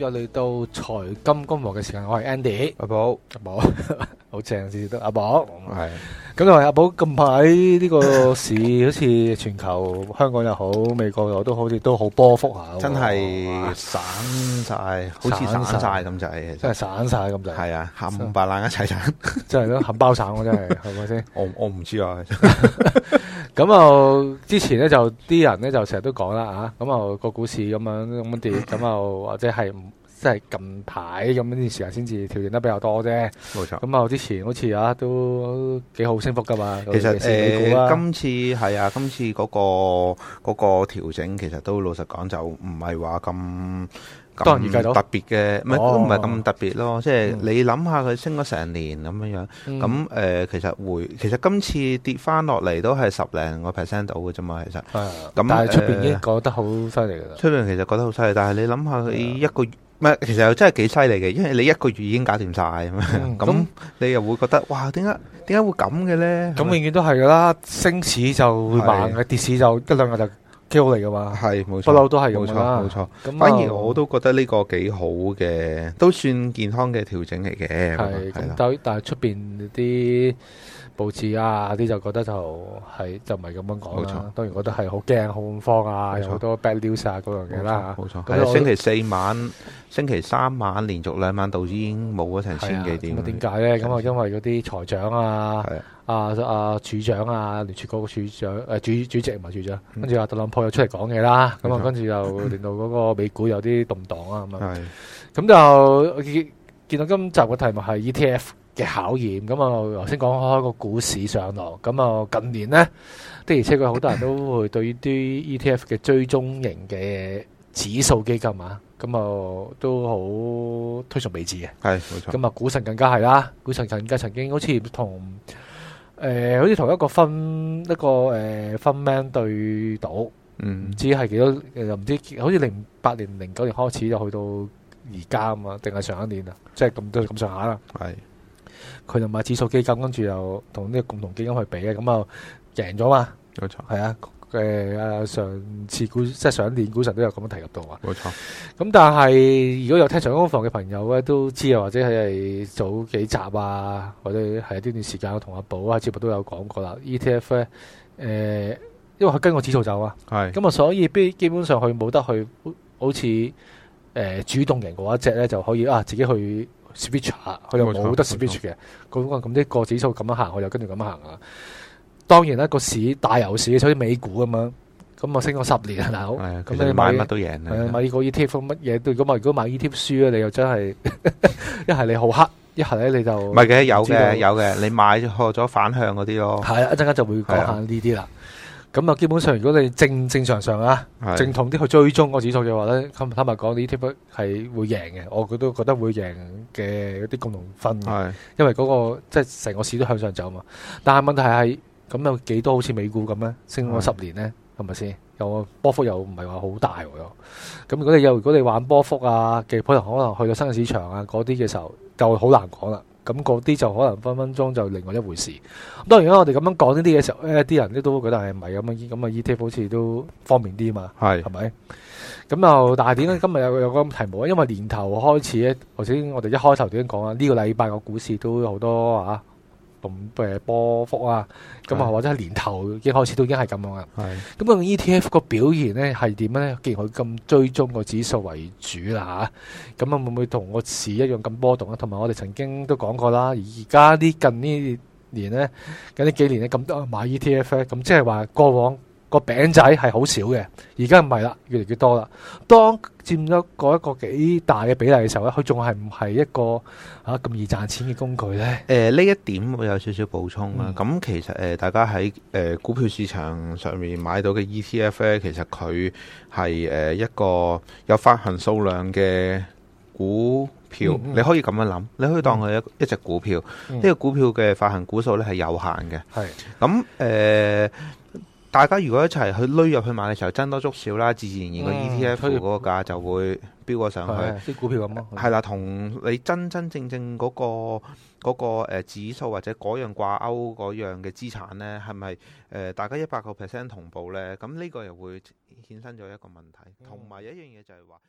又嚟到財金工房嘅時間，我係 Andy。阿寶，阿寶，好正先得。阿寶，係咁嚟。阿寶，近排呢個市好似全球香港又好，美國又都好似都好波幅下，真係散晒，好似散曬咁滯。真係散晒咁，就係啊，冚唪唥一齊散，真係咯，冚包散我真係，係咪先？我我唔知啊。咁啊、嗯，之前咧就啲人咧就成日都講啦吓，咁啊個、嗯嗯、股市咁樣咁跌，咁啊、嗯嗯嗯、或者係唔。即係近排咁呢段時間先至調整得比較多啫，冇錯。咁啊，我之前好似啊都幾好升幅噶嘛。其實誒，今次係啊，今次嗰個嗰個調整其實都老實講就唔係話咁當然預計到特別嘅，都唔係咁特別咯。即係你諗下佢升咗成年咁樣樣，咁誒其實回其實今次跌翻落嚟都係十零個 percent 度嘅啫嘛。其實咁，但係出邊已經覺得好犀利噶啦。出邊其實覺得好犀利，但係你諗下佢一個月。唔係，其實又真係幾犀利嘅，因為你一個月已經搞掂晒。咁樣，咁你又會覺得哇，點解點解會咁嘅咧？咁永遠都係噶啦，升市就會慢嘅，的跌市就一兩個就。幾好嚟噶嘛？係冇錯，不嬲都係咁啦，冇錯。咁反而我都覺得呢個幾好嘅，都算健康嘅調整嚟嘅。係，但但係出邊啲報紙啊啲就覺得就係就唔係咁樣講啦。冇錯，當然覺得係好驚好恐慌啊，有好多 bad news 啊嗰樣嘢啦。冇錯，星期四晚、星期三晚連續兩晚道指已經冇咗成千幾點。咁點解咧？咁啊，因為嗰啲財長啊。啊啊！處長啊，聯儲局嘅處長誒，主主席唔係處長，跟住阿特朗普又出嚟講嘢啦。咁啊冇錯，跟住就令到嗰個美股有啲動盪啊。咁啊，咁就見到今集嘅題目係 E T F 嘅考驗。咁啊，頭先講開個股市上落。咁啊，近年呢，的而且確好多人都會對呢啲 E T F 嘅追蹤型嘅指數基金啊，咁啊都好推崇未至嘅。係冇錯。咁啊，股神更加係啦，股神曾經曾經好似同。誒好似同一個分一個誒、呃、分名對賭，唔、嗯、知係幾多，又唔知好似零八年、零九年開始就去到而家咁啊，定係上一年啊，即係咁多咁上下啦。係的，佢就買指數基金，跟住又同呢個共同基金去比嘅，咁啊贏咗嘛，冇錯，係啊。誒啊、呃！上次股即係上一年股神都有咁樣提及到啊，冇錯。咁但係如果有聽財金工房嘅朋友咧，都知啊，或者係早幾集啊，或者係呢段時間我同阿寶啊，節目都有講過啦。ETF 咧誒，因為佢跟個指數走啊，係咁啊，所以基本上佢冇得去好似誒、呃、主動型嘅話，隻咧就可以啊，自己去 switch 啊，佢又冇得 switch 嘅。咁啊，咁啲個指數咁樣行，佢就跟住咁樣行啊。當然啦，個市大牛市，好似美股咁樣咁啊，升咗十年啊，好咁你買乜都贏，誒買呢個 ETF 乜嘢都，如果買如果買 ETF 輸咧，你又真係一係你好黑，一係咧你就唔係嘅，有嘅有嘅，你買學咗反向嗰啲咯，係一陣間就會講下呢啲啦。咁啊，基本上如果你正正常常啊，正統啲去追蹤個指數嘅話咧，坦坦白講，ETF 係會贏嘅，我佢都覺得會贏嘅一啲共同分，因為嗰個即係成個市都向上走嘛。但係問題係。咁有幾多好似美股咁咧，升咗十年咧，係咪先？又波幅又唔係話好大喎、啊。咁如果你又如果你玩波幅啊嘅，可能可能去到新市場啊嗰啲嘅時候，就好難講啦。咁嗰啲就可能分分鐘就另外一回事。咁當然啦，我哋咁樣講呢啲嘅時候，咧、哎、啲人咧都覺得係唔係咁樣？咁啊 ETF 好似都方便啲啊嘛，係係咪？咁又但係點解？今日有有個題目啊，因為年頭開始咧，頭先我哋一開頭點講啊？呢、這個禮拜個股市都好多啊～咁波幅啊，咁啊或者係年頭已經開始都已經係咁樣啦。咁個 ETF 個表現咧係點咧？既然佢咁追蹤個指數為主啦嚇，咁啊會唔會同個市一樣咁波動啊？同埋我哋曾經都講過啦，而家呢近呢年咧，近呢幾年咧咁多買 ETF 咁、啊、即係話過往，個餅仔係好少嘅，而家唔係啦，越嚟越多啦。當佔咗嗰一個幾大嘅比例嘅時候咧，佢仲係唔係一個吓咁、啊、易賺錢嘅工具咧？誒、呃，呢一點我有少少補充啦。咁、嗯、其實誒、呃，大家喺誒、呃、股票市場上面買到嘅 ETF 咧，其實佢係誒一個有發行數量嘅股票。嗯、你可以咁樣諗，你可以當佢係一一隻股票。呢、嗯、個股票嘅發行股數咧係有限嘅。係咁誒。嗯大家如果一齊去攼入去買嘅時候，增多足少啦，自然而然個 ETF 嗰、嗯、個價就會飆過上去。啲股票咁咯、啊。係啦，同你真真正正嗰、嗰個嗰、嗰個、指數或者嗰樣掛鈎嗰樣嘅資產咧，係咪誒大家一百個 percent 同步咧？咁呢個又會衍生咗一個問題。同埋一樣嘢就係話。